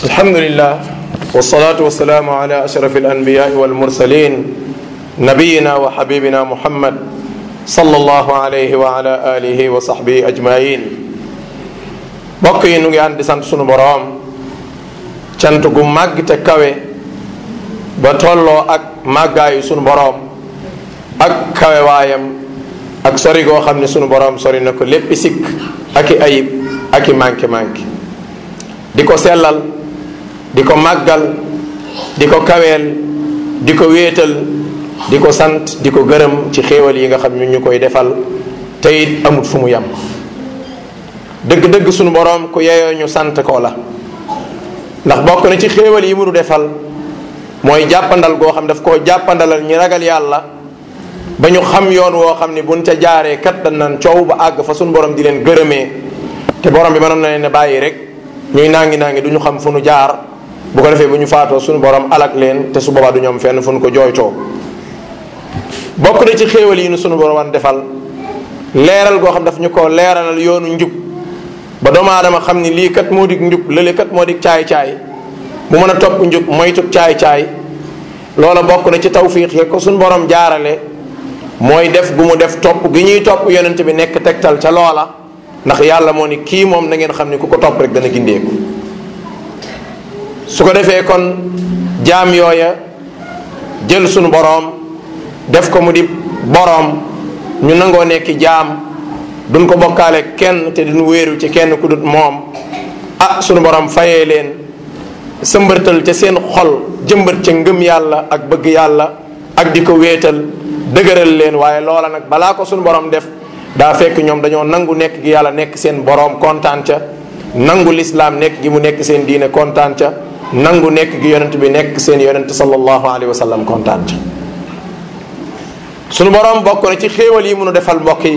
alhamdulillah والصلاة والسلام على أشرف الأنبياء والمرسلين نبينا وحبيبنا محمد صلى الله عليه وعلى آله وصحبه أجمعين mbokk yi nu ngi ànd di sant sunu boroom cant gu màgg te kawe ba tolloo ak màggaayu sunu boroom ak kawe waayam ak sori goo xam ne sunu boroom sori na ko lépp sikk ak i ayib ak i manqué manqué di ko sellal di ko màggal di ko kaweel di ko wéetal di ko sant di ko gërëm ci xéewal yi nga xam ñu ñu koy defal te it amut fu mu yem dëgg-dëgg sunu boroom ku yeyoo ñu sant ko la ndax bokk na ci xéewal yi mu du defal mooy jàppandal goo xam daf koo jàppandalal ñi ragal yàlla ba ñu xam yoon woo xam ni buñ ca jaaree kat dañ naan coow ba àgg fa suñu borom di leen gërëmee te borom bi mënoon na leen ne bàyyi rek ñuy naangi naangi du ñu xam fu nu jaar bu ko defee bu ñu faatoo suñu borom alak leen te su boobaa du ñu fenn fu ñu ko jooytoo bokk na ci xéewal yi nu suñu borom defal leeral goo xam daf ñu ko leeralal yoonu njub ba doomu aadama xam ni lii kat moo dig njub lële moo dig caay-caay bu mën a topp njub moytu caay-caay loola bokk na ci tawfiix ya ko suñu borom jaarale mooy def gu mu def topp gi ñuy topp yonent bi nekk tegtal ca loola ndax yàlla moo ni kii moom na ngeen xam ni ku ko topp rek dana gindeeku su ko defee kon jaam yooya jël sunu boroom def ko mu di boroom ñu nangoo nekki jaam duñ ko bokkaale kenn te duñ wéeru ci kenn ku dut moom a ah, sunu boroom fayee leen sëmbërtal ca seen xol jëmbët ca ngëm yàlla ak bëgg yàlla ak di ko wéetal dëgëral leen waaye loola nag balaa ko sunu boroom def daa fekk ñoom dañoo nangu nekk gi yàlla nekk seen boroom kontaan ca nangu lislaam nekk gi mu nekk seen diine kontaan ca nangu nekk gi yonent bi nekk seen yonent sallallahu alayhi wa sallam kontaan ci sunu borom bokk na ci xéewal yi mënu defal mbokk yi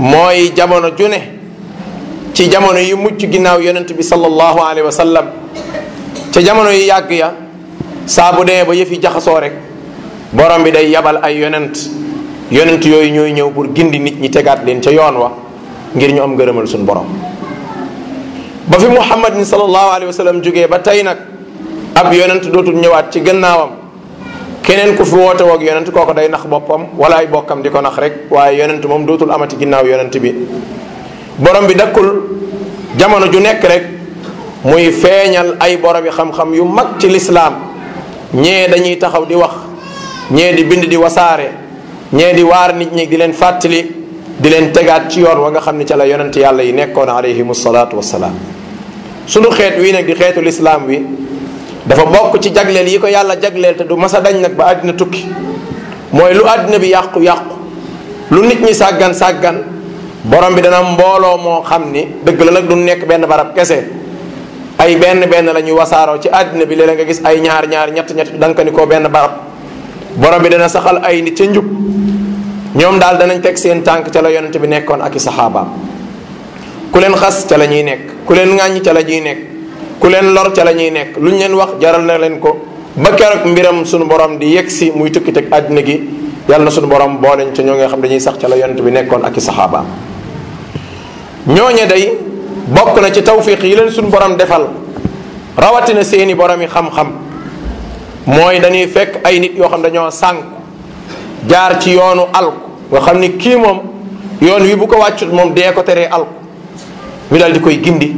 mooy jamono june ci jamono yi mucc ginnaaw yonent bi sallallahu alayhi wa sallam ca jamono yi yàgg ya saabu demee ba yëf jaxasoo rek boroom bi day yabal ay yonent yonent yooyu ñooy ñëw pour gindi nit ñi tegaat leen ca yoon wa ngir ñu am ngërëmal sunu borom ba fi muhammadin sallallahu alayhi wa sallam jógee ba tey nag ab yonent dootul ñëwaat ci ginnaawam keneen ku fi woote woog yonent kooko day nax boppam wala ay bokkam di ko nax rek waaye yonent moom dootul amati ginnaaw yonent bi borom bi dakkul jamono ju nekk rek muy feeñal ay borom yi xam-xam yu mag ci lislaam ñee dañuy taxaw di wax ñee di bind di wasaare ñee di waar nit ñi di leen fàttali di leen tegaat ci yoon wa nga xam ne ca la yonent yàlla yi nekkoon alayhimu salaatu wassalaam sunu xeet wii nag di xeetu lislaam wi dafa bokk ci jagleel yi ko yàlla jagleel te du masa dañ nag ba àddina tukki mooy lu àddina bi yàqu yàqu lu nit ñi sàggan sàggan borom bi dana mbooloo moo xam ni dëgg la nag du nekk benn barab kese ay benn benn la ñuy wasaaroo ci àddina bi léeg nga gis ay ñaar ñaar ñett ñett danga ko benn barab borom bi dana saxal ay nit ca njub ñoom daal danañ teg seen tànk ca la yonent bi nekkoon ak i saxaabaam ku leen xas ca la ñuy nekk ku leen ŋàññ ca la ñuy nekk ku leen lor ca la ñuy nekk lu ñu leen wax jaral na leen ko ba keroog mbiram sunu borom di yegg si muy tukki àddina gi yàlla na sunu borom booleñ ca ñoo nga xam dañuy sax ca la yonent bi nekkoon ak i saxaabaam ñooñe day bokk na ci tawfiq yi leen sunu borom defal rawatina seeni borom yi xam mooy dañuy fekk ay nit yoo xam dañoo sànk jaar ci yoonu alku nga xam ni kii moom yoon wi bu ko wàccut moom dee ko teree alku ñu daal di koy gindi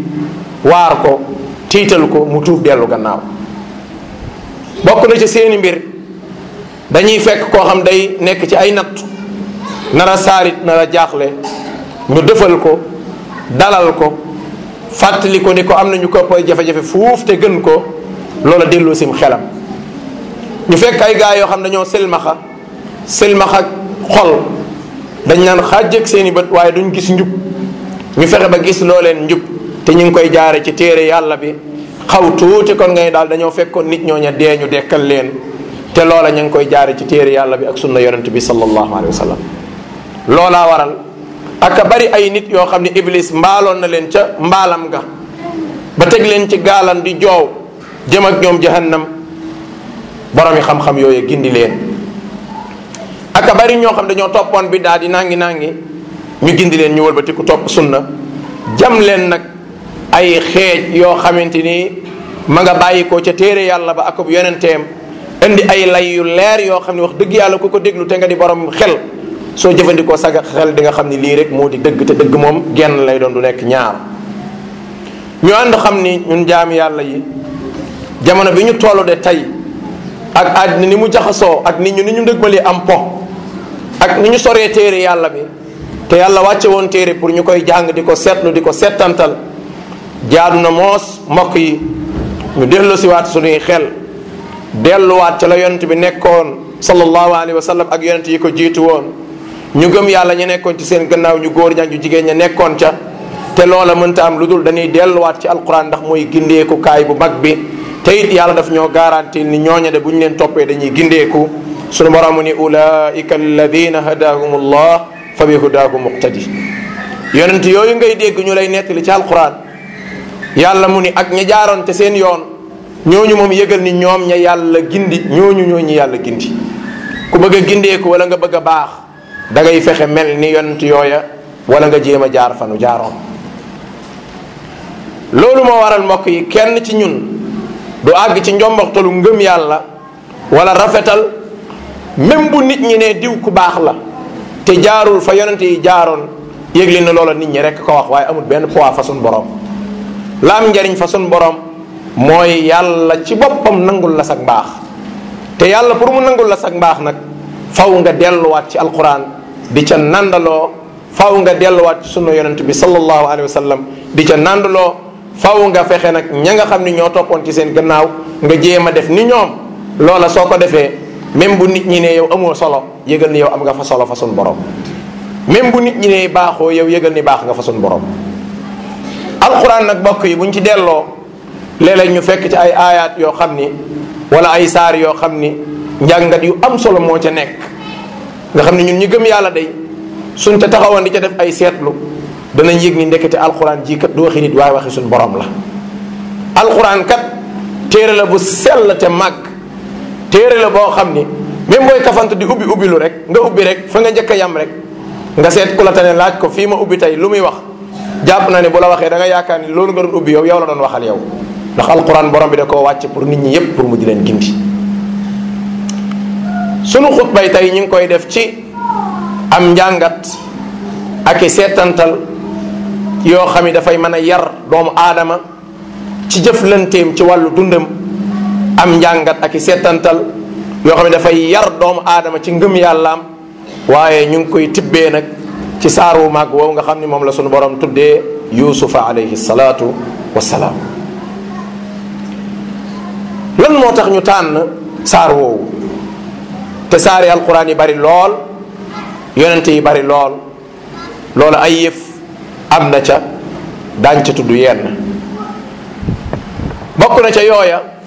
waar ko tiital ko mu tuub dellu gannaaw bokk na ci seeni mbir dañuy fekk koo xam day nekk ci ay natt nara saarit nara jaaxle ñu defal ko dalal ko fàttali ko ni ko am na ñu ko jafe-jafe fuuf te gën ko loola delloo sim xelam ñu fekk ay gaa yoo xam dañoo silmaxa silmaxa xol dañ naan xàjj ak seeni bët waaye duñ gis njub ñu fexe ba gis loo leen njub te ñu ngi koy jaare ci téere yàlla bi xaw tuuti kon ngay daal dañoo fekkoon nit ñooña dee ñu dekkal leen te loola ñu ngi koy jaare ci téere yàlla bi ak sunna yonent bi sallallahu alayhi wa sallam loolaa waral aka bari ay nit yoo xam ne iblis mbaaloon na leen ca mbaalam ga ba teg leen ci gaalan di joow jëm ak ñoom jahannam boromi xam-xam yooyu gindi leen aka bari ñoo xam dañoo toppoon bi daal di nangi nangi ñu gindi leen ñu wëlbatiku topp sunna jam leen nag ay xeej yoo xamante ni ma nga bàyyi ko ca téere yàlla ba ak akub yonenteem indi ay lay yu leer yoo xam ne wax dëgg yàlla ku ko déglu te nga di borom xel soo jëfandikoo sagar xel di nga xam ni lii rek moo di dëgg te dëgg moom genn lay doon du nekk ñaar ñu ànd xam ni ñun jaami yàlla yi jamono bi ñu tollu de tey ak àddina ni mu jaxasoo ak nit ñu ni ñu ndëgmalee am po ak ni ñu soree téere yàlla bi te yàlla wàcce woon téere pour ñu koy jàng di ko seetlu di ko settantal jaadu na moos mokk yi ñu dellu siwaat suñuy xel delluwaat ca la yonent bi nekkoon sallallahu alayhi wa ak yonent yi ko jiitu woon ñu gëm yàlla ñu nekkoon ci seen gannaaw ñu góor ña ñu jigéen ña nekkoon ca te loola mënta am lu dul dañuy delluwaat ci alquran ndax mooy gindeeku kaay bu mag bi te yàlla daf ñoo garanti ni ñooña de bu ñu leen toppee dañuy gindeeku sunu borom ni ulaika alladina hadahum allah fa bi hudaahu muqtadi yonent yooyu ngay dégg ñu lay nettali ci alquran yàlla mu ni ak ña jaaroon te seen yoon ñooñu moom yëgal ni ñoom ña yàlla gindi ñooñu ñooñu yàlla gindi ku bëgg a gindeeku wala nga bëgg a baax dangay fexe mel ni yonent yooya wala nga jéem a jaar fanu jaaroon loolu moo waral mbokk yi kenn ci ñun du àgg ci njombaxtalu ngëm yàlla wala rafetal même bu nit ñi ne diw ku baax la te jaarul fa yonent yi jaaroon yëgle na loola nit ñi rek ko wax waaye amul benn poids fa sunu borom la am njariñ fa sunu borom mooy yàlla ci boppam nangul la sag mbaax te yàlla pour mu nangul la sag mbaax nag faw nga delluwaat ci alxuraan di ca nandaloo faw nga delluwaat ci sunu yonent bi sallallahu alayhi wa sallam di ca nandaloo faw nga fexe nag ña nga xam ni ñoo toppoon ci seen gannaaw nga jéem a def ni ñoom loola soo ko defee même bu nit ñi ne yow amoo solo yëgal ni yow am nga fa solo fa sun borom même bu nit ñi ne baaxoo yow yëgal ni baax nga fa sun borom alxuraan nag bokk yi buñ ci delloo léeg ñu fekk ci ay aayaat yoo xam ni wala ay saar yoo xam ni njàngat yu am solo moo ca nekk nga xam ne ñun ñu gëm yàlla day suñ ca taxawoon di ca def ay seetlu danañ yëg ni ndekete alxuraan ji kat du waxi nit waaye waxi borom la alxuraan kat téere la bu sell te màgg téere la boo xam ni même booy kafant di ubbi ubbi rek nga ubbi rek fa nga njëkk a yam rek nga seet ku la laaj ko fii ma ubbi tey lu muy wax jàpp naa ne boo la waxee danga yaakaar ni loolu nga doon ubbi yow yow la doon waxal yow ndax alquran borom bi da koo wàcc pour nit ñi yépp pour mu di leen gindi sunu xutbay tey ñu ngi koy def ci am njàngat ak i seetantal yoo xam ni dafay mën a yar doomu aadama ci jëflanteem ci wàllu dundam am njàngat ak i seetantal yoo xam ne dafay yar doomu aadama ci ngëm yàllaam waaye ñu ngi koy tibbee nag ci saar wu màgg woowu nga xam ni moom la suñu borom tuddee yusufa alayhi salaatu wasalaam lan moo tax ñu tànn saar woowu te saari alquran yi bari lool yonent yi bari lool loolu ay yëf am na ca daañ ca tudd yenn bokk na ca yooya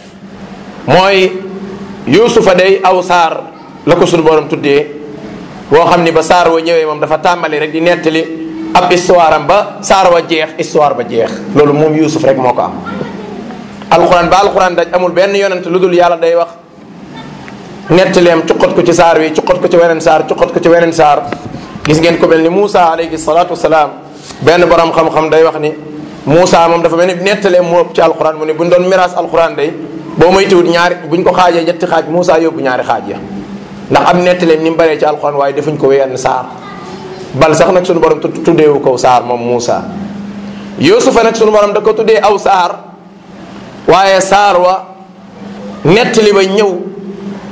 mooy yuusufa day aw saar la ko suñu borom tuddee woo xam ni ba saar woo ñëwee moom dafa tàmbali rek di nettali ab histoire am ba saar wa jeex histoire ba jeex loolu moom yuusuf rek moo ko am alxuraan ba alxuraan daj amul benn yonent lu dul yàlla day wax nettaleem cuqat ko ci saar wi cuqat ko ci weneen saar cuqat ko ci weneen gis ngeen ko mel ni Moussa alayhi salaatu wasalaam benn borom xam-xam day wax ni Moussa moom dafa mel ni nettaleem moo ci alxuraan mu ne bu buñ doon miraas alxuraan day boo moytuwut ñaari buñ ko xaajee ñetti xaaj Moussa yóbbu ñaari xaaj ya ndax am nett leen ni mu baree ci alxuraan waaye defuñ ko wenn saar bal sax nag sunu borom tuddeewu ko saar moom Moussa Yuusufa nag sunu borom da ko tuddee aw saar waaye saar wa nettali ba ñëw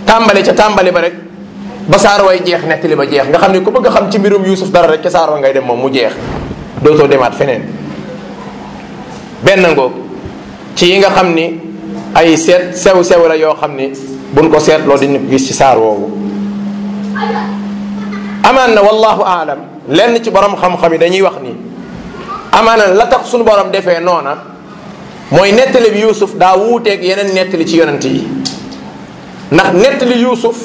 tàmbali ca tàmbali ba rek ba saar way jeex nettali ba jeex nga xam ne ku bëgg a xam ci mbirum Yuusuf dara rek ca saar wa ngay dem moom mu jeex dootoo demaat feneen benn ngoog ci yi nga xam ni ay seet sew sew la yoo xam ni buñ ko seetloo di gis ci saar woowu amaan na wallahu aalam lenn ci borom xam-xam yi dañuy wax ni amaana la tax suñu borom defee noona mooy nettali bi yuusuf daa wuuteeg yeneen nettali ci yonent yi ndax nettali yuusuf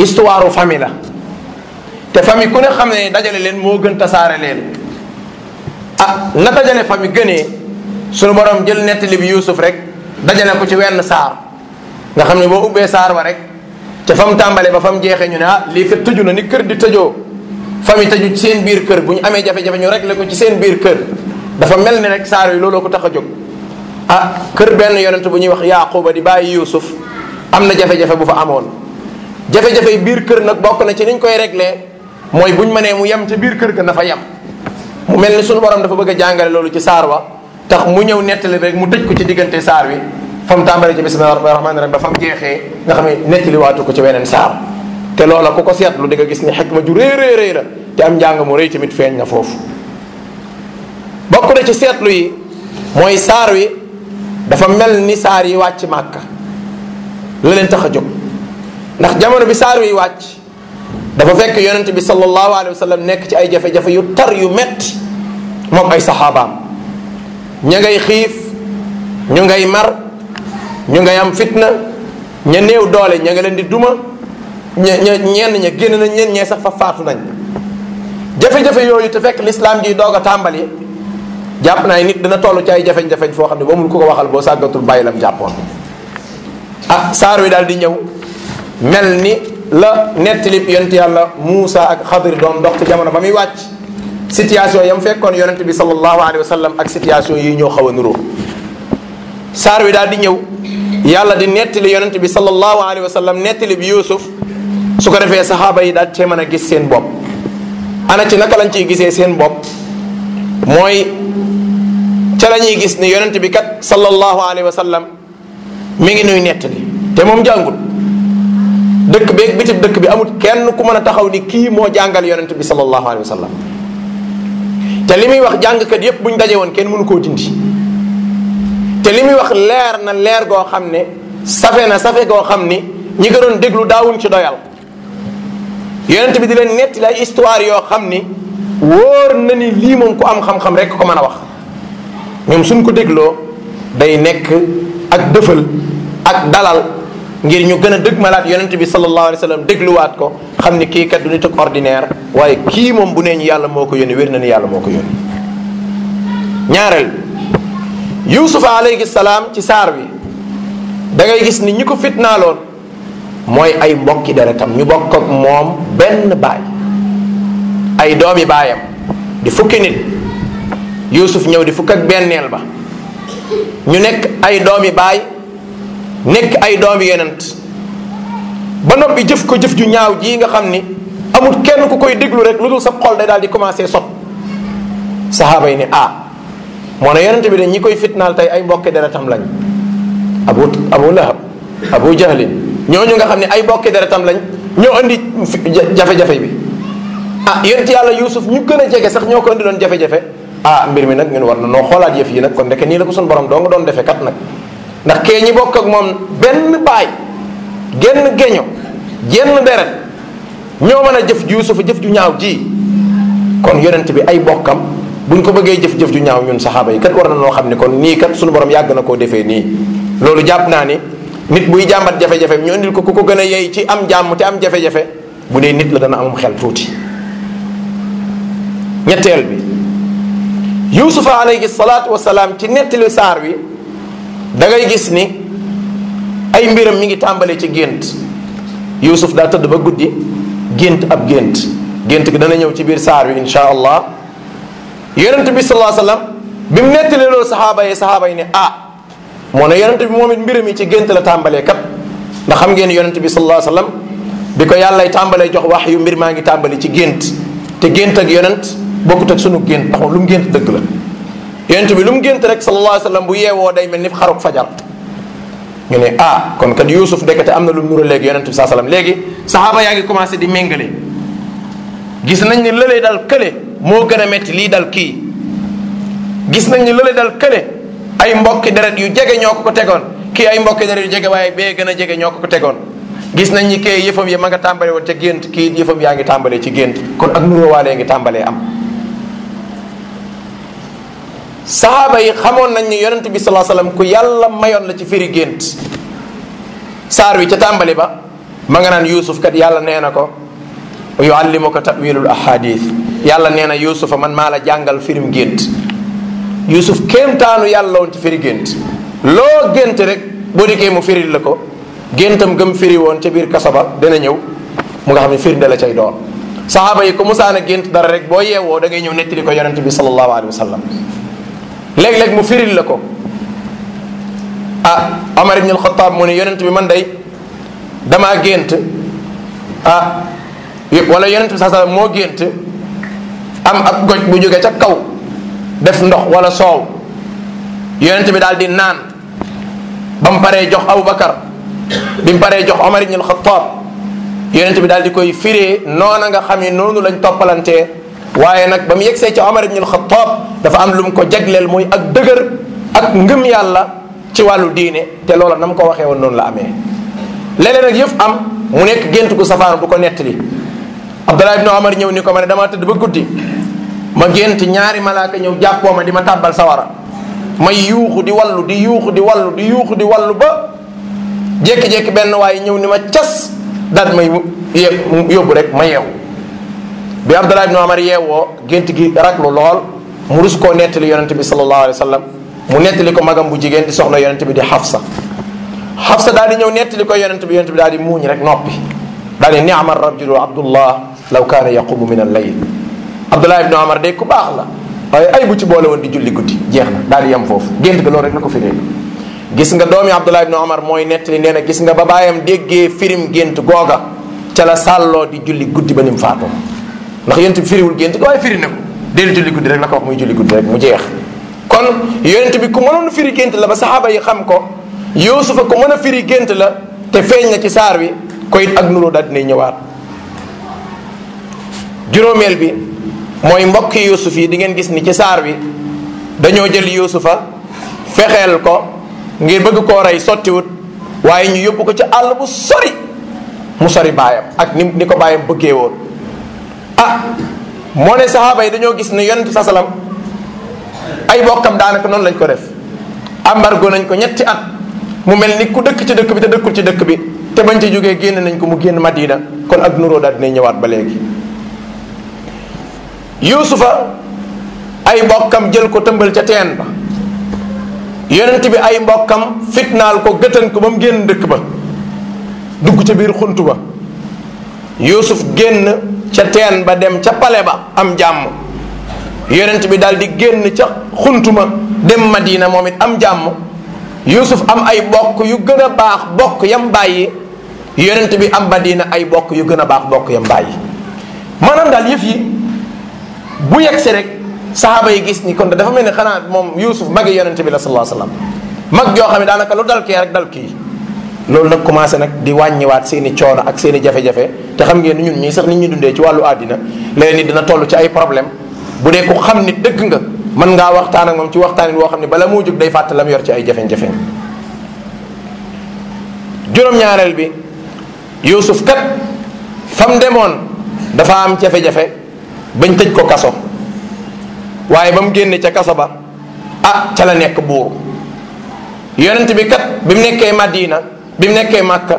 histoire famille la te famille ku ne xam ne dajale leen moo gën tasaare leen ah na dajale famille gënee suñu borom jël nettali bi yuusuf rek dajale ko ci wenn saar nga xam ne boo ubbee saar wa rek ca fa mu tàmbalee ba fa mu jeexee ñu ne ah lii kat tëju na ni kër di tëjoo fa mi tëju ci seen biir kër bu ñu amee jafe-jafe ñu réglé ko ci seen biir kër dafa mel ni rek saar yi looloo ko tax a jóg ah kër benn yonent bu ñuy wax yaaquba di bàyyi yuusuf am na jafe-jafe bu fa amoon jafe-jafe biir kër nag bokk na ci niñ koy réglé mooy bu buñ mënee mu yem ca biir kër ga na fa yem mu mel ni sunu borom dafa bëgg a jàngale loolu ci saar wa tax mu ñëw nettali rek mu tëj ko ci diggante saar wi fa mu tàmbalee ci bismillahi rahmaani rahim ba fa mu jeexee nga xam ne nettali waatu ko ci weneen saar te loola ku ko seetlu di nga gis ni xikma ma rëy rëy rëy la te am njàng mu rëy tamit feeñ na foofu bokk na seetlu yi mooy saar wi dafa mel ni saar yi wàcc màkka la leen tax a jóg ndax jamono bi saar wi wàcc dafa fekk yonent bi sallallahu alayhi wa sallam nekk ci ay jafe-jafe yu tar yu met moom ay saxaabaam ña ngay xiif ñu ngay mar ñu ngay am fitna ña néew doole ña nga leen di duma ña ña ñenn ña génn nañ ñenn ñee sax fa faatu nañ jafe-jafe yooyu te fekk lislaam ji doog a tàmbali jàpp naa nit dina toll ci ay jafeñ-jafeñ foo xam ne ba mun ku ko waxal boo sàggatul bàyyi lam jàppoon ah saar wi daal di ñëw mel ni la netti nettali yonent yàlla Muusa ak Xadir doon ndox ci jamono ba muy wàcc situation yam fekkoon yonent bi sallallahu alayhi wa sallam ak situation yi ñoo xaw a nuroo saar wi daal di ñëw yàlla di nettali yonent bi sallallahu alayhi wa sallam nettali bi Yuusuf su ko defee saxaaba yi daal cee mën a gis seen bopp ana ci naka lañ ciy gisee seen bopp mooy ca la ñuy gis ne yonent bi kat sallallahu alayhi wa sallam mi ngi nuy nettali te moom jàngut dëkk beeg bitib dëkk bi amut kenn ku mën a taxaw ni kii moo jàngal yonent bi sallallahu alayhi wa sallam te li muy wax jàngkat yépp buñ daje woon kenn mënu koo dindi te li muy wax leer na leer goo xam ne safe na safe goo xam ni ñi ko doon déglu daawuñ ci doyal yonent bi di leen netti lay histoire yoo xam ni wóor na ni lii moom ku am xam-xam rek ko mën a wax ñoom suñ ko dégloo day nekk ak dëfal ak dalal ngir ñu gën a dëgmalaat yonent bi sallallahu alayhi wa sallam dégluwaat ko xam ni kii kat du nit ak ordinaire waaye kii moom bu nee ñu yàlla moo ko yónni wér na ni yàlla moo ko yónni ñaareel yuusufa alayhi salaam ci saar bi dangay gis ni ñi ko fitnaaloon mooy ay mbokki deretam ñu bokk ak moom benn baay ay doomi baayam di fukki nit yuusuf ñëw di fukk ak benneel ba ñu nekk ay doomi baay nekk ay doomi yonent ba noppi jëf ko jëf ju ñaaw ji nga xam ni amut kenn ku koy déglu rek lu dul sa xol day daal di commencé sot sahaaba yi ne ah moo ne yonente bi de ñi koy fitnaal tey ay mbokki deretam lañ abu abu lahab abu ñoo ñu nga xam ne ay mbokki deretam lañ ñoo indi jafe-jafe bi ah yonent yàlla yuusuf ñu gën a jege sax ñoo ko indi doon jafe-jafe ah mbir mi nag ñun war na noo xoolaat yëf yi nag kon ndeke nii la ko suñu borom doo nga doon defe kat nag ndax kee ñi bokk benn baay genn geño genn deret ñoo mën a jëf ju Yuusufa jëf ju ñaaw ji kon yonent bi ay bokkam buñ ko bëggee jëf-jëf ju ñaaw ñun saxaaba yi kat war na noo xam ne kon nii kat suñu borom yàgg na koo defee nii loolu jàpp naa ni nit buy jàmbat jafe-jafe ñu indil ko ko gën a yey ci am jàmm te am jafe bu dee nit la dana amum xel tuuti ñetteel bi yusufa alayhi salaatu wasalaam ci nettali saar wi dangay gis ni ay mbiram mi ngi tàmbalee ci gént Yuusuf daa tëdd ba guddi gént ab gént gént gi dana ñëw ci biir saar wi insha allah yonent bi sallallahu alayhi wa sallam bi mu loolu saxaaba yi saxaaba yi ne ah moo ne yonent bi moom it mbiram ci gént la tàmbalee kat ndax xam ngeen yonent bi sallallahu alayhi wa sallam ko yàllay tàmbalee jox wax yu mbir maa ngi tàmbali ci gént te gént ak yonent bokkut ak sunu gént ndax moom lu mu gént dëgg la yonent bi lu mu gént rek sallallahu alayhi wa sallam bu yeewoo day mel ni xaruk fajar ñu ne ah kon kat Yuusuf ndekete am na lu nura léegi yonent bi saa salaam léegi saxaaba yaa ngi commencé di méngale gis nañ ni lële dal kële moo gën a metti lii dal kii gis nañ ni lële dal kële ay mbokki deret yu jege ñoo ko ko tegoon kii ay mbokki deret yu jege waaye bee gën a jege ñoo ko ko tegoon gis nañ ni kee yëfam ya mag a tàmbale woon ca gént kii yëfam yaa ngi tàmbalee ci gént kon ak nurowaalee ngi tàmbalee am saxaaba yi xamoon nañ ni yonent bi salaa sallam ku yàlla mayoon la ci firi gént saar wi ca tàmbali ba ma nga naan yuusuf kat yàlla nee na ko yuallimuka tawilul ahadith yàlla nee na yuusufa man maa la jàngal firim gént yuusuf kéemtaanu yàlla woon ci firi gént loo gént rek boo dikkee mu firi la ko géntam gëm firi woon ca biir kaso ba dana ñëw mu nga xam ne firnde la cay doon saxaaba yi ko musaana gént dara rek boo yeewoo da ngay ñëw nettali ko yonent bi sallallahu alayhi wa sallam léeg-léeg mu firil la ko ah Omar ibn al-Khattab mu ne yonent bi man day dama gént ah wala yonent bi saa saa moo gént am ab goj bu jóge ca kaw def ndox wala soow yonent bi daal di naan ba mu paree jox Abubakar bi mu paree jox Omar ibn al-Khattab yonent bi daal di koy firee noona nga xam ne noonu lañ toppalantee waaye nag ba mu yegsee ci Omar ibn al-Khattab dafa am lu mu ko jagleel mooy ak dëgër ak ngëm yàlla ci wàllu diine te loola na mu ko waxee woon noonu la amee leneen nag yëf am mu nekk gént gu safaan du ko nettali Abdullah ibn Omar ñëw ni ko ma ne damaa tëdd ba guddi ma gént ñaari malaaka ñëw jàppoo ma di ma tàbbal sawara may yuuxu di wallu di yuuxu di wallu di yuuxu di wallu ba jékki-jékki benn waaye ñëw ni ma cas daal may yóbbu rek ma yeewu bi Abdullah ibn Omar yeewoo gent gi raglu lool mu rus koo nettali yonente bi sallallahu alayhi wa sallam mu nettali ko magam bu jigéen di soxna yonente bi di Xafsa Xafsa daal di ñëw nettali ko yonente bi yonente daal di muuñ rek noppi daal di ni'ma rajulu Abdullah law kaana yaqumu min al-layl Abdullah ibn Omar day ku baax la waaye ay bu ci boole di julli guddi jeex na daal di yem foofu gént ga loolu rek la ko firee gis nga doomi Abdullah ibn Omar mooy nettali nee na gis nga ba baayam déggee firim gént googa ca la sàlloo di julli guddi ba ni mu faatoo ndax yonent bi firiwul gént waaye firi na ko deel julli guddi rek la ko wax muy julli guddi rek mu jeex kon yonent bi ku mënoon firi gént la ba saxaaba yi xam ko Yuusufa ku mën a firi gént la te feeñ na ci saar wi ko ak nuroo daal dinay ñëwaat juróomeel bi mooy mbokki Yuusuf yi di ngeen gis ni ci saar wi dañoo jël Yuusufa fexeel ko ngir bëgg koo rey sottiwut waaye ñu yóbbu ko ci àll bu sori mu sori baayam ak ni ni ko baayam bëggee woon ah moo ne saxaaba yi dañoo gis ne yonent sa ay bokkam daanaka noonu lañ ko def embargo nañ ko ñetti at mu mel ni ku dëkk ci dëkk bi te dëkkul ci dëkk bi te bañ ci jógee génn nañ ko mu génn Madina kon ak nuroo daal dinañ ñëwaat ba léegi yuusufa ay mbokkam jël ko tëmbal ca teen ba yonent bi ay mbokkam fitnaal ko gëtan ko ba mu génn dëkk ba dugg ca biir xunt ba yuusuf génn ca teen ba dem ca pale ba am jàmm yonent bi daal di génn ca xuntuma dem Madina moom it am jàmm Yusuf am ay bokk yu gën a baax bokk yam bàyyi yonent bi am Madina ay bokk yu gën a baax bokk yam bàyyi maanaam daal yëf yi bu yegg si rek saxaaba yi gis ni kon dafa mel ni xanaa moom Yusuf magi yonent bi la sallallahu alayhi wasallam mag joo xam ne daanaka lu dal kii rek dal kii loolu nag commencé nag di wàññiwaat seeni i coono ak seen i jafe-jafe te xam ngeen ñu ñii sax nit ñu dundee ci wàllu àddina léeg nit dina toll ci ay problème bu dee ku xam ni dëgg nga mën ngaa waxtaan ak moom ci waxtaanin woo xam ne bala moo jóg day fàtte lam yor ci ay jafe-jafe juróom-ñaareel bi Yuusuf kat fam demoon dafa am jafe-jafe bañ tëj ko kaso waaye ba mu génne ca kaso ba ah ca la nekk buur yonent bi kat bi mu nekkee Madina bi mu nekkee Màkka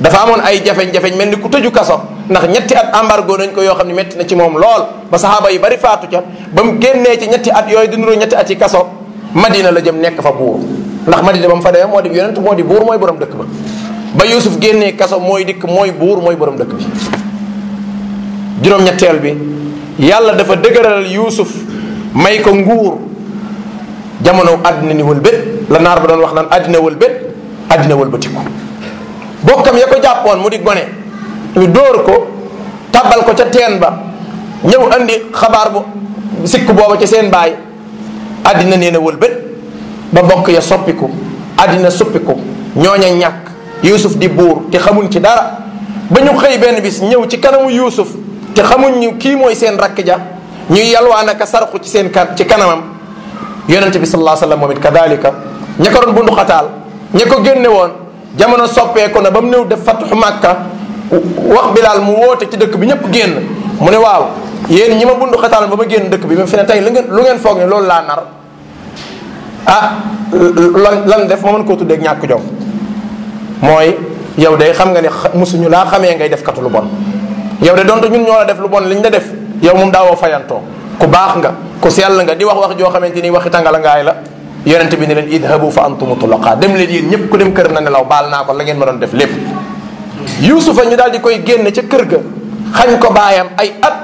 dafa amoon ay jafeñ-jafeñ mel ni ku tëju kaso ndax ñetti at embargo nañ ko yoo xam ne métti na ci moom lool ba saxaaba yi bari faatu ca ba mu génnee ci ñetti at yooyu di nuru ñetti at yi kaso Madina la jëm nekk fa ndax Madina ba mu fa moo di yonent moo di buur mooy borom dëkk ba ba Yuusuf génnee kaso mooy dikk mooy buur mooy borom dëkk bi juróom-ñetteel bi yàlla dafa dëgëral Yuusuf may ko nguur jamono àddina ni wëlbét la naar ba doon wax naan àddina wëlbét àddina wëlbatiku bokkam ya ko jàppoon mu di gone ñu door ko tàbbal ko ca teen ba ñëw andi xabaar bu sikk booba ci seen baay àddina neena na wëlbët ba bokk ya soppiku àddina suppiku ñooña ñàkk yuusuf di buur te xamuñ ci dara ba ñu xëy benn bis ñëw ci kanamu yuusuf te xamuñ ñu kii mooy seen rakk ja ñuy yalwaan ak sarxu ci seen kan ci kanamam yonente bi sallallahu alayhi wa sallam moom it kadalika ña ko doon ña ko génne woon jamono soppeeku na ba mu néew def fatuxu màkka wax bi laal mu woote ci dëkk bi ñëpp génn mu ne waaw yéen ñi ma bundu xataal ba ma génn dëkk bi ma fi ne tey lu ngeen lu ngeen foog ne loolu laa nar ah lan lan def ma mën koo tuddee ñàkk jom mooy yow de xam nga ni ne musuñu laa xamee ngay def katu lu bon yow de donte ñun ñoo la def lu bon liñ la def yow moom daawoo fayantoo ku baax nga ku sell nga di wax wax joo xamante ni waxi tàngala ngaay la yonente bi ne leen idhabu fa antum tulaqa dem leen yéen ñëpp ku dem këram na nelaw baal naa ko la ngeen ma doon def lépp yuusufa ñu daal di koy génn ca kër ga xañ ko baayam ay at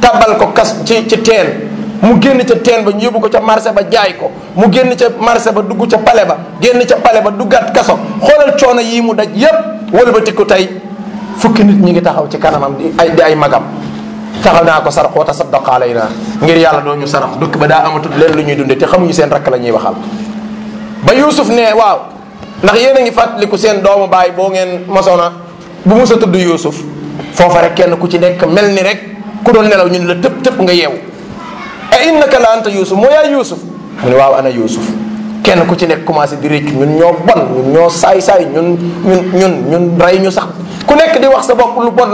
tabal ko kas ci ci teen mu génn ca teen ba ñu yóbbu ko ca marché ba jaay ko mu génn ca marché ba dugg ca pale ba génn ca pale ba duggaat kaso xoolal coono yii mu daj yépp ko tey fukki nit ñu ngi taxaw ci kanamam di ay di ay magam taxal naa ko sa wa tasaddaq alayna ngir yàlla doo ñu sarax dëkk ba daa amatul leen lu ñuy dunde te xamuñu seen rakk la ñuy waxal ba Yuusuf ne waaw ndax yéen a ngi ku seen doomu baay boo ngeen mosoona bu mos a tudd Yuusuf foofa rek kenn ku ci nekk mel ni rek ku doon nelaw ñun la tëpp tëpp nga yeewu e innaka la anta Yuusuf moo yaay Yuusuf mu ne waaw ana Yuusuf kenn ku ci nekk commencé di réccu ñun ñoo bon ñun ñoo saay saay ñun ñun ñun ñun rey ñu sax lu bon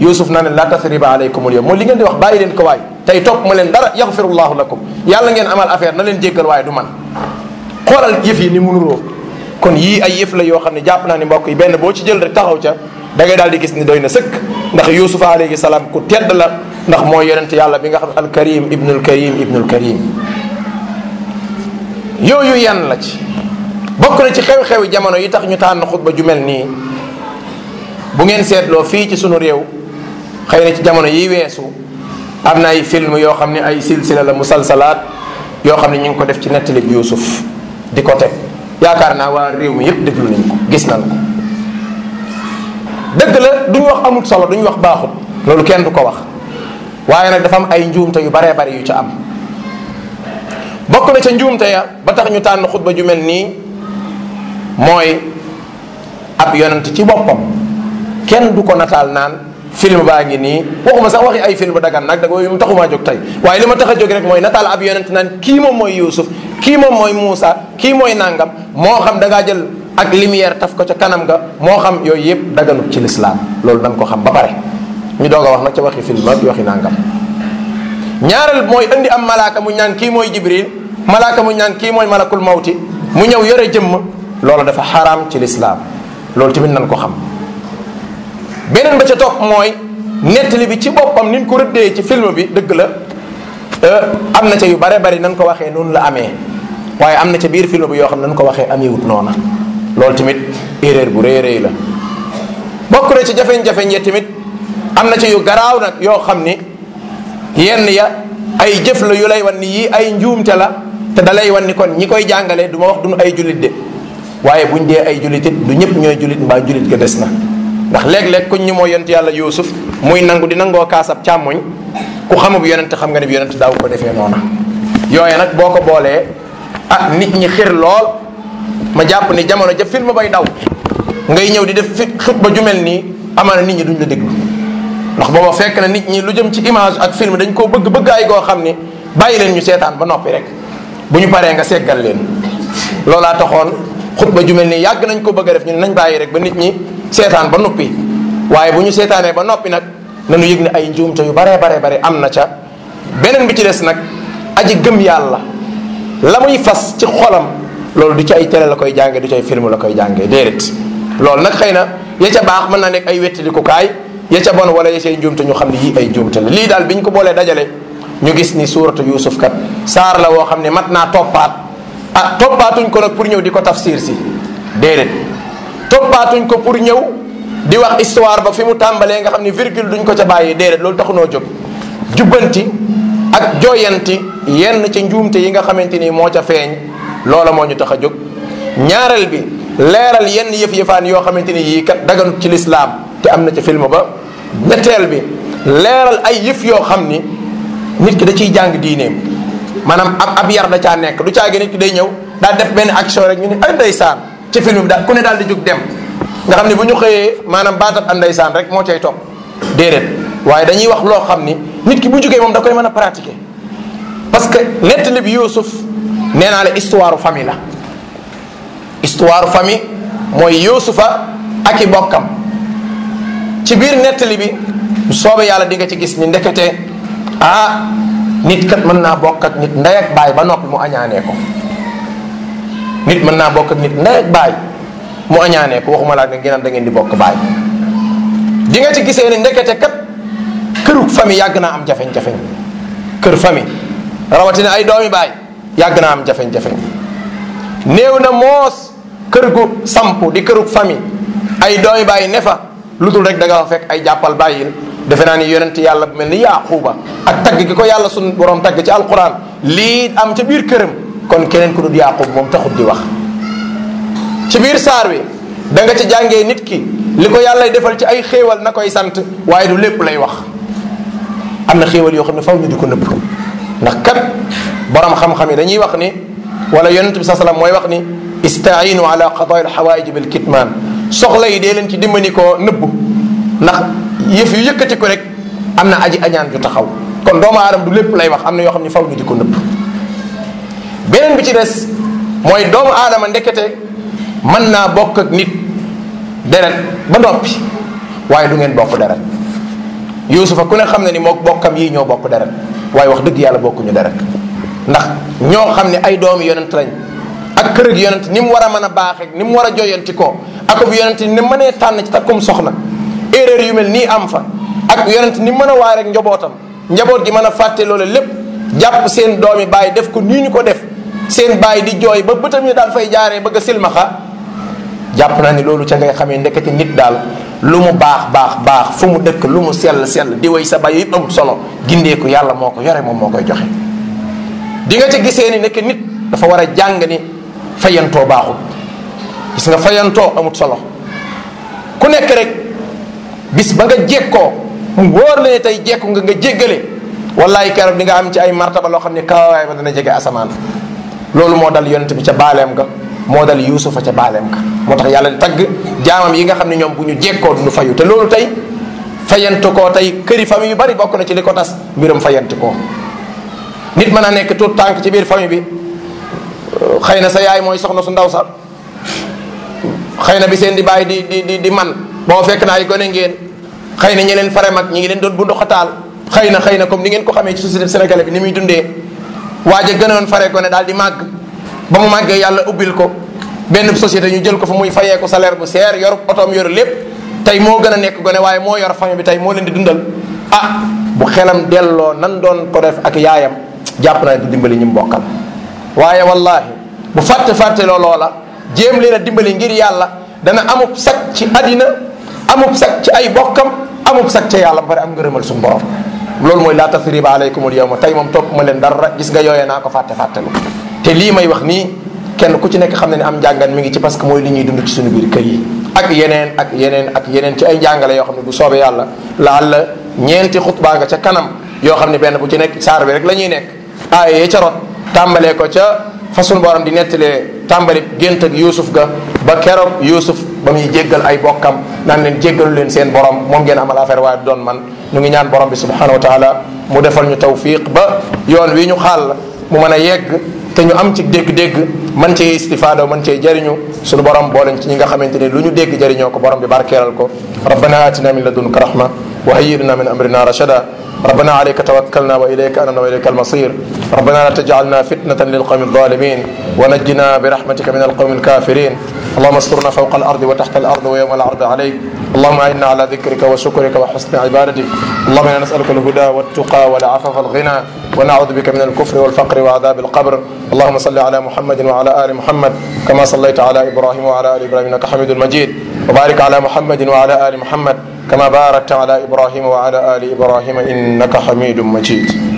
yusuf na leen la tasriba alaykumul yawm mooy li ngeen di wax bàyyi leen ko waay tey topp ma leen dara yaxfirullahu lakum yàlla ngeen amal affaire na leen jéggal waaye du man xoolal yëf yi ni mu nuroo kon yii ay yëf la yoo xam ne jàpp naa ni mbokk yi benn boo ci jël rek taxaw ca da daal di gis ni doy na sëkk ndax yusuf alayhi salaam ku tedd la ndax mooy yonent yàlla bi nga xam ne alkarim ibnul karim ibnul karim yooyu yan la ci bokk na ci xew-xewi jamono yi tax ñu tànn xutba ju mel nii bu ngeen seetloo fii ci sunu réew xëy na ci jamono yi weesu am na ay film yoo xam ne ay silsila la musalsalaat yoo xam ne ñu ngi ko def ci nettali bi Yuusuf di ko teg yaakaar naa waa réew mi yépp déglu ni ko gis na ko dëgg la duñ wax amul solo duñ wax baaxut loolu kenn du ko wax waaye nag dafa am ay njuumte yu baree bari yu ca am bokk na ca njuumte ya ba tax ñu tànn xutba ju mel nii mooy ab yonent ci boppam kenn du ko nataal naan film baa ngi nii waxuma sax waxi ay film dagan nag da nga taxumaa jóg tey waaye li ma tax a jóg rek mooy nataal ab yonent naan kii moom mooy Yuusuf kii moom mooy Muusa kii mooy nangam moo xam da jël ak lumière taf ko ca kanam nga moo xam yooyu yëpp daganut ci lislaam loolu dañ ko xam ba pare ñu doog a wax nag ca waxi film ak waxi nangam ñaareel mooy indi am malaaka mu naan kii mooy Jibril malaaka mu ñaan kii mooy malakul mawti mu ñëw yore jëmm loolu dafa xaraam ci lislaam loolu tamit nan ko xam beneen ba ca topp mooy nettali bi ci boppam ni ñu ko rëddee ci film bi dëgg la euh, am na ca yu bare bari nan ko waxee noonu la amee waaye am na ca biir film bi yoo xam ne nan ko waxee wut noona loolu tamit erreur bu rëy rëy la bokk na ci jafeñ-jafeñ ya tamit am na ci yu garaaw nag yoo xam ni yenn ya ay jëf la yu lay wan ni yii ay njuumte la te da lay wan ni kon ñi koy jàngale du wax du duñu ay jullit de waaye buñ dee ay jullit it du ñëpp ñooy jullit mbaa jullit ga des na ndax léeg-léeg kuñ ñu moo yonent yàlla yuusuf muy nangu di nangoo kaasab càmmoñ ku xamub yonent xam nga ne bi yonent daw ko defee noona yooye nag boo ko boolee a ah, nit ñi xir lool ma jàpp ni jamono ja film bay daw ngay ñëw di def xutba ba mel nii amaana nit ñi duñ la dégg ndax booba fekk na nit ñi lu jëm ci image ak film dañ koo bëgg bëgg ay goo xam ni bàyyi leen ñu seetaan ba noppi rek bu ñu paree nga seggal leen loolaa taxoon xutba ju mel nii yàgg nañ ko bëgg a def ñu ne nañ bàyyi rek ba nit ñi seetaan ba noppi waaye bu ñu seetaanee ba noppi nag nañu yëg ne ay njuumte yu baree baree bare am na ca beneen bi ci des nag aji gëm yàlla la muy fas ci xolam loolu du ci ay télé la koy jàngee du ci ay film la koy jàngee déedéet loolu nag xëy na ya ca baax mën na nekk ay wettaliku kaay ya ca bon wala ya cay njuumte ñu xam ne yii ay njuumte la lii daal bi ñu ko boolee dajale ñu gis ni suuratu Yuusuf kat saar la woo xam ne mat naa toppaat ah toppaatuñ ko nag pour ñëw di ko tafsir si déedéet toppaatuñ ko pour ñëw di wax histoire ba fi mu tàmbalee nga xam ne virgule duñ ko ca bàyyi déedéet loolu taxunoo jóg jubbanti ak jooyanti yenn ci njuumte yi nga xamante ni moo ca feeñ loola moo ñu tax a jóg ñaareel bi leeral yenn yëf-yëfaan yoo xamante ni yii kat daganut ci lislaam te am na ca film ba ñetteel bi leeral ay yëf yoo xam ni nit ki da ciy jàng diineem maanaam ab ab yar da caa nekk du caagi nit ki day ñëw daal def benn action rek ñu ne ay saan ci film daal ku ne daal di jug dem nga xam ne bu ñu xëyee maanaam baatat am saan rek moo cay topp déedéet waaye dañuy wax loo xam ni nit ki bu jugee moom da koy mën a pratiquer parce que nettali bi Youssouf nee naa la histoire famille la histoire famille mooy Youssoufa ak i bokkam ci biir nettali bi bu soobee yàlla di nga ci gis ni ndekete ah nit kat mën naa bokk ak nit ndey ak baay ba noppi mu añaanee ko nit mën naa bokk ak nit ndey ak baay mu añaanee ko waxuma laa ne ngeen da ngeen di bokk baay di nga ci gisee ne ndekete kat këru famille yàgg naa am jafeñ-jafeñ kër famille rawatina ay doomi baay yàgg naa am jafeñ-jafeñ néew na moos kër gu samp di këru famille ay doomi baay ne fa lu dul rek da nga fekk ay jàppal bàyyil defe naa ni yonent yàlla bu mel ni yaaquba ak tagg gi ko yàlla sun borom tagg ci alquran lii am ca biir këram kon keneen ku dul yaqub moom taxut di wax ci biir saar wi da nga ci jàngee nit ki li ko yàllay defal ci ay xéewal na koy sant waaye du lépp lay wax am na xéewal yoo xam ne faw ñu di ko nëbb ndax kat borom xam-xam yi dañuy wax ni wala yonent bi salaam mooy wax ni istainu ala qadail xawaij bil kitman soxla yi dee leen ci dimbali koo nëbb yëf yu yëkkati ko rek am na aji añaan ju taxaw kon doomu aadama du lépp lay wax am na yoo xam ne faw ñu di ko nëbb beneen bi ci des mooy doomu aadama ndekete mën naa bokk ak nit deret ba noppi waaye du ngeen bokk deret yuusufa ku ne xam ne ni moo bokkam yii ñoo bokk deret waaye wax dëgg yàlla bokkuñu deret ndax ñoo xam ne ay doomi yonent lañ ak kër ak yonent ni mu war a mën a baaxee ni mu war a joyanti koo ak bu yonent ni mënee tànn ci takkum soxna erreur yu mel nii am fa ak yonent ni mën a waa rek njabootam njaboot gi mën a fàtte loolu lépp jàpp seen doomi baay def ko nii ñu ko def seen baay di jooy ba bëtam yi daal fay jaaree bëgg a silmaxa jàpp naa ne loolu ca ngay xamee ndekete nit daal lu mu baax baax baax fu mu dëkk lu mu sell sell di way sa baay yëpp amul solo ko yàlla moo ko yore moom moo koy joxe di nga ca gisee ni nekk nit dafa war a jàng ni fayantoo baaxul gis nga fayantoo amut solo bis ba nga jekkoo mu wóor la tey jekku nga nga jéggale wallaay keroog di nga am ci ay martaba loo xam ne kaawaay ba dana jege asamaan loolu moo dal yonent bi ca baaleem ga moo dal yuusufa ca baaleem ga moo tax yàlla di tagg jaamam yi nga xam ne ñoom bu ñu jekkoo duñu fayu te loolu tey fayantu koo tey këri famille yu bari bokk na ci li ko tas mbiram fayantu koo nit mën a nekk tuut tànk ci biir famille bi xëy na sa yaay mooy soxna su ndaw sa xëy bi seen boo fekk naa ay gone ngeen xëy na ñi leen fare mag ñi ngi leen doon bu ndoxataal xëy na xëy na comme ni ngeen ko xamee ci société sénégalais bi ni muy dundee waaja gënoon fare gone daal di màgg ba mu màggee yàlla ubbil ko benn société ñu jël ko fa muy fayee ko salaire bu seer yor otoom yor lépp tey moo gën a nekk gone waaye moo yor famille bi tey moo leen di dundal ah bu xelam delloo nan doon ko def ak yaayam jàpp naa di dimbali ñu mu bokkal waaye wallaahi a dimbali ngir yàlla dana amub sag ci àddina amub sag ci ay bokkam amub sag ca yàlla ba pare am ngërëmal suñu borom loolu mooy laa tasriba alaykum al yawma tey moom topp ma leen dara gis nga yooyee naa ko fàtte fàttelu te lii may wax nii kenn ku ci nekk xam ne ne am njàngan mi ngi ci parce que mooy li ñuy dund ci suñu biir kër yi ak yeneen ak yeneen ak yeneen ci ay njàngale yoo xam ne bu soobee yàlla laal la ñeenti xutbaa nga ca kanam yoo xam ne benn bu ci nekk saar bi rek la ñuy nekk aaya ya ca rot tàmbalee ko ca fa sunu borom di nettalee tàmbali gént ak Yuusuf ga ba keroog Yuusuf ba muy jéggal ay bokkam naan leen jéggalu leen seen borom moom ngeen amal affaire waaye doon man ñu ngi ñaan borom bi subhanahu wa taala mu defal ñu tawfiq ba yoon wi ñu xaal mu mën a yegg te ñu am ci dégg-dégg man cee istifaada man cee jariñu sunu borom booleen ci ñi nga xamante ne lu ñu dégg jariñoo ko borom bi barkeelal ko rabbana atina min ladunka rahma wa hayyidna min amrina rashada ربنا عليك توكلنا وإليك أنبنا وإليك المصير ربنا لا تجعلنا فتنة للقوم الظالمين ونجنا برحمتك من القوم الكافرين اللهم استرنا فوق الأرض وتحت الأرض ويوم العرض عليك اللهم أعنا على ذكرك وشكرك وحسن عبادتك اللهم إنا نسألك الهدى والتقى والعفاف والغنى ونعوذ بك من الكفر والفقر وعذاب القبر اللهم صل على محمد وعلى آل محمد كما صليت على إبراهيم وعلى آل إبراهيم إنك حميد مجيد wa barik ala muhammadin wa ala ali muhammad kama barakta ala ibrahima wa ala ali ibrahima innaka hamidun majid